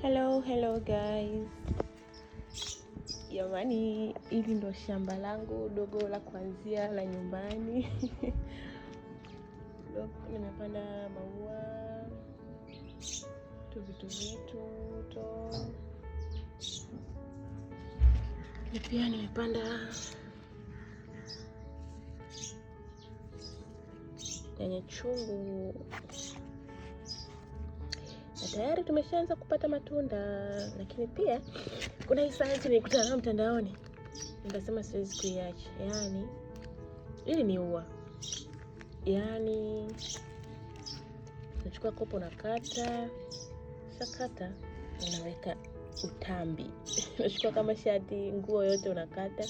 Hello, hello guys. Jamani, hili ndo shamba langu dogo la kuanzia la nyumbani nimepanda maua tu vitu vitu to, pia nimepanda nyanya chungu tayari tumeshaanza kupata matunda, lakini pia kuna hii sayansi nilikutana nayo mtandaoni, nikasema siwezi kuiacha. Yani ili ni ua, yani nachukua kopo, nakata kata unaweka utambi nachukua kama shati, nguo yote unakata,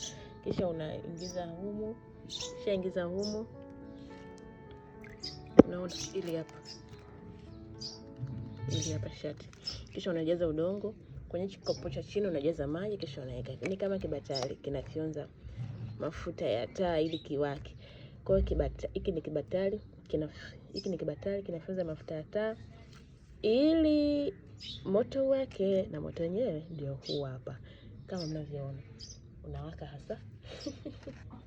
kisha unaingiza humu, kisha ingiza humu, unaona ili hapa hili hapa shati, kisha unajaza udongo kwenye kikopo cha chini, unajaza maji, kisha unaweka. Ni kama kibatari kinafyonza mafuta ya taa ili kiwake. Kwa hiyo kibata hiki ni kibatari kina hiki ni kibatari kinafyonza mafuta ya taa ili moto uweke, na moto wenyewe ndio huu hapa kama mnavyoona unawaka hasa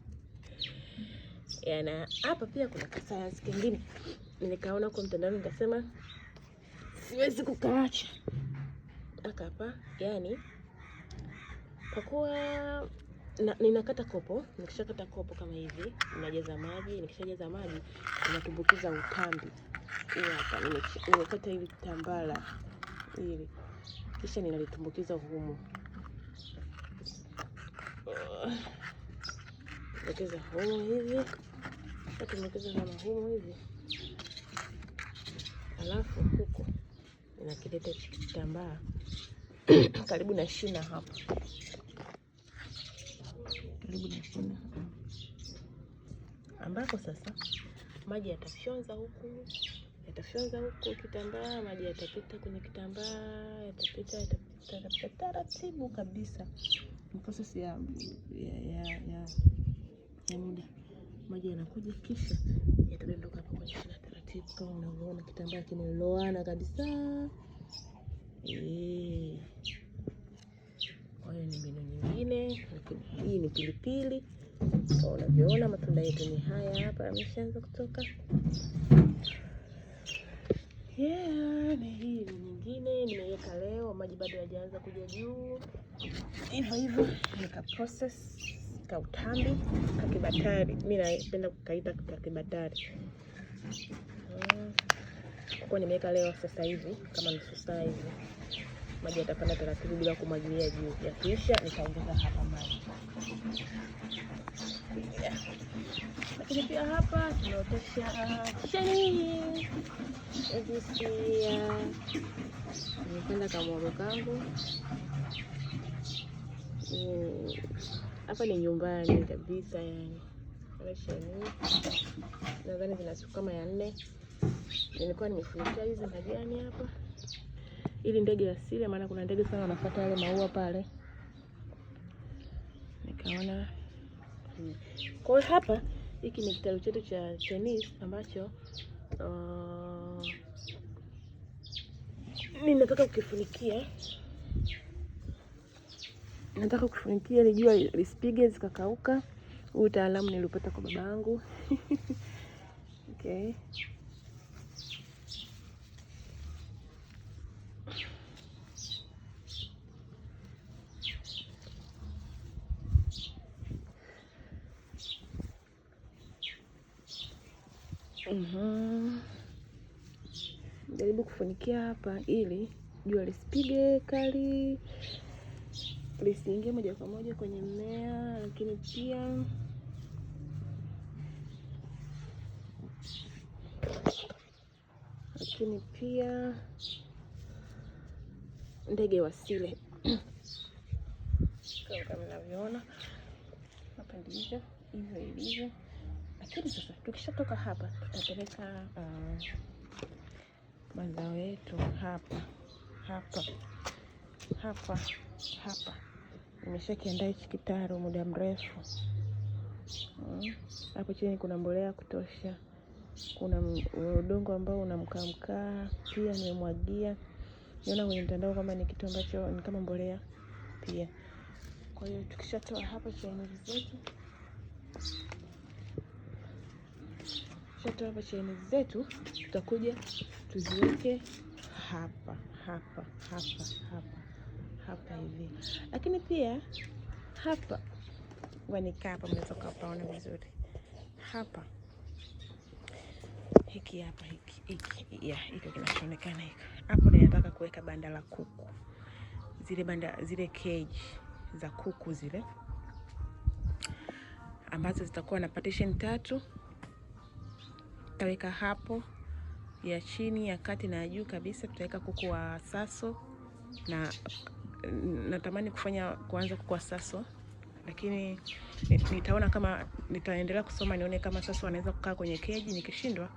yana hapa pia kuna kasayansi kingine nikaona kwa mtandao nikasema siwezi kukaacha akapa hapa. Yani kwa kuwa ninakata kopo. Nikishakata kopo kama hivi, ninajaza maji. Nikishajaza maji, ninatumbukiza utambi huo hapa. Nimekata hili tambala hili, kisha ninalitumbukiza humo tumbukiza humo hivi, tumbukiza kama humo hivi, alafu nakileta hiki kitambaa karibu na shina hapo, karibu na shina ambapo sasa maji yatafyonza huku, yatafyonza huku kitambaa, maji yatapita kwenye kitambaa, yatapita yatapita yatapita taratibu kabisa. Ni process ya ya ya, ya, ya muda, maji yanakuja kisha yatadondoka hapa kwenye shina katika, unavyoona kitambaa kimeloana kabisa eh. Kwa hiyo ni mbinu nyingine, hii ni pilipili. Kwa unavyoona matunda yetu ni haya hapa, yameshaanza kutoka yeah. ni hii ni nyingine nimeweka leo, maji bado hayajaanza kuja juu, hivyo hivyo nika process kautambi kakibatari, mimi napenda kukaita kakibatari. Mm. Kwa nimeweka leo sasa hivi kama nusu saa hivi, maji yatapanda taratibu bila kumwagilia juu, yakiisha nitaongeza hapa maji. Lakini pia hapa tunaotesha sheni ezisia uh, nimependa kamoro kangu mm. hapa ni nyumbani kabisa, yani nadhani zina siku kama ya nne nilikuwa nimefunikia hizi majani hapa ili ndege asile, maana kuna ndege sana wanafuata yale maua pale. Nikaona Kwa hapa hiki ni kitalu chetu cha tennis ambacho uh, ninataka kukifunikia, nataka kufunikia ili jua lisipige zikakauka. Huu utaalamu niliupata kwa babangu okay. Mhm. Jaribu kufunikia hapa ili jua lisipige kali, lisiingie moja kwa moja kwenye mmea, lakini pia lakini pia ndege wasile kama mnavyoona hapa ndivyo hivyo ilivyo. Lakini sasa tukishatoka hapa, tutapeleka uh, mazao yetu hapa hapa hapa hapa. Nimeshakiandaa hichi kitaro muda mrefu hmm. Hapo chini kuna mbolea ya kutosha, kuna udongo ambao mkaa pia nimemwagia. Niona kwenye mtandao kama ni kitu ambacho ni kama mbolea pia. Kwa hiyo tukishatoa hapa chini zetu tukishatoa hapa chaini zetu tutakuja tuziweke hapa hapa hapa hapa hapa hivi, lakini pia hapa wanikaa hapa, mnaweza kupaona vizuri hapa, hiki hapa hiki hiki ya hiki kinachoonekana hiki hapo, nataka kuweka banda la kuku, zile banda zile cage za kuku zile ambazo zitakuwa na partition tatu tutaweka hapo ya chini ya kati na ya juu kabisa, tutaweka kuku wa Saso na natamani kufanya kuanza kuku wa Saso, lakini nitaona kama nitaendelea kusoma nione kama Saso wanaweza kukaa kwenye keji. Nikishindwa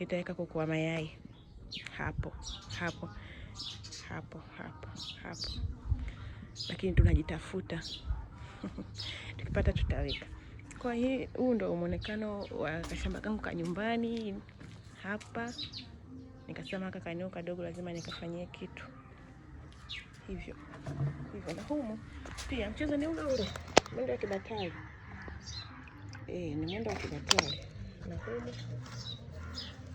nitaweka kuku wa mayai hapo hapo hapo hapo hapo, lakini tunajitafuta tukipata tutaweka. Kwa hii, huu ndo mwonekano wa kashamba kangu ka nyumbani hapa. Nikasema kaka, eneo kadogo lazima nikafanyie kitu hivyo hivyo, na humu pia mchezo ni ule ule mwendo wa kibatari eh, ni mwendo wa kibatari. Na humu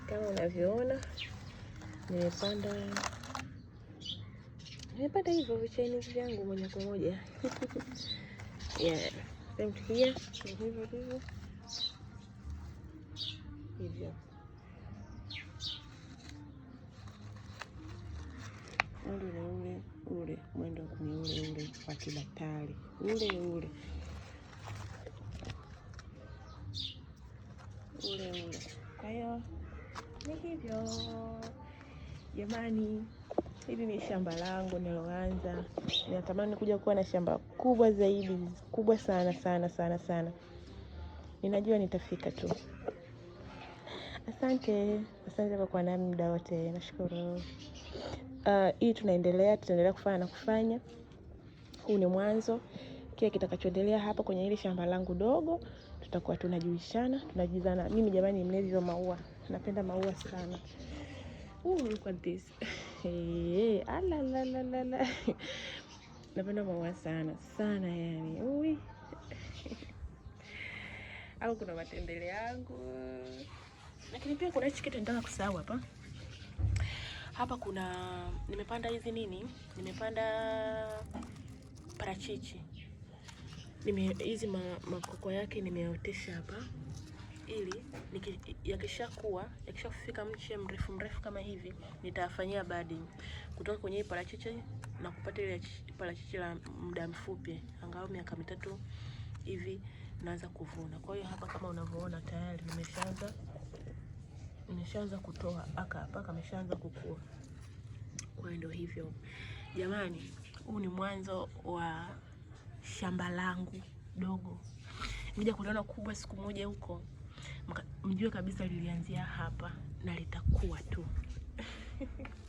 kama unavyoona nimepanda nimepanda hivyo vichaini vyangu moja kwa moja yeah same here hivyo hivyo hivyo ule ule ule mwendo ni ule ule wa kidaktari ule ule ule ule. Kwa hiyo ni hivyo jamani. Hili ni shamba langu niloanza, ninatamani kuja kuwa na shamba kubwa zaidi, kubwa sana sana sana sana. Ninajua nitafika tu. Asante, asante kwa kuwa nami muda wote, nashukuru. Uh, hii tunaendelea, tutaendelea kufanya na kufanya. Huu ni mwanzo. Kile kitakachoendelea hapa kwenye hili shamba langu dogo, tutakuwa tunajuishana, tunajizana. Mimi jamani, mlezi wa maua, napenda maua sana. Ooh, look at this Hey, ala, ah, la, Napenda maua sana sana yani. Ui. Au kuna matembele yangu, lakini pia kuna hichi kitu nataka kusahau hapa hapa. Kuna nimepanda hizi nini, nimepanda parachichi, nime hizi makoko yake nimeotesha hapa ili yakishakuwa yakishafika mche mrefu mrefu kama hivi, nitafanyia budding kutoka kwenye parachichi na kupata ile parachichi la muda mfupi, angalau miaka mitatu hivi naanza kuvuna. Kwa hiyo hapa kama unavyoona tayari nimeshaanza nimeshaanza kutoa aka hapa kameshaanza kukua. Kwa hiyo ndio hivyo jamani, huu ni mwanzo wa shamba langu dogo, nija kuliona kubwa siku moja huko mjue kabisa lilianzia hapa na litakuwa tu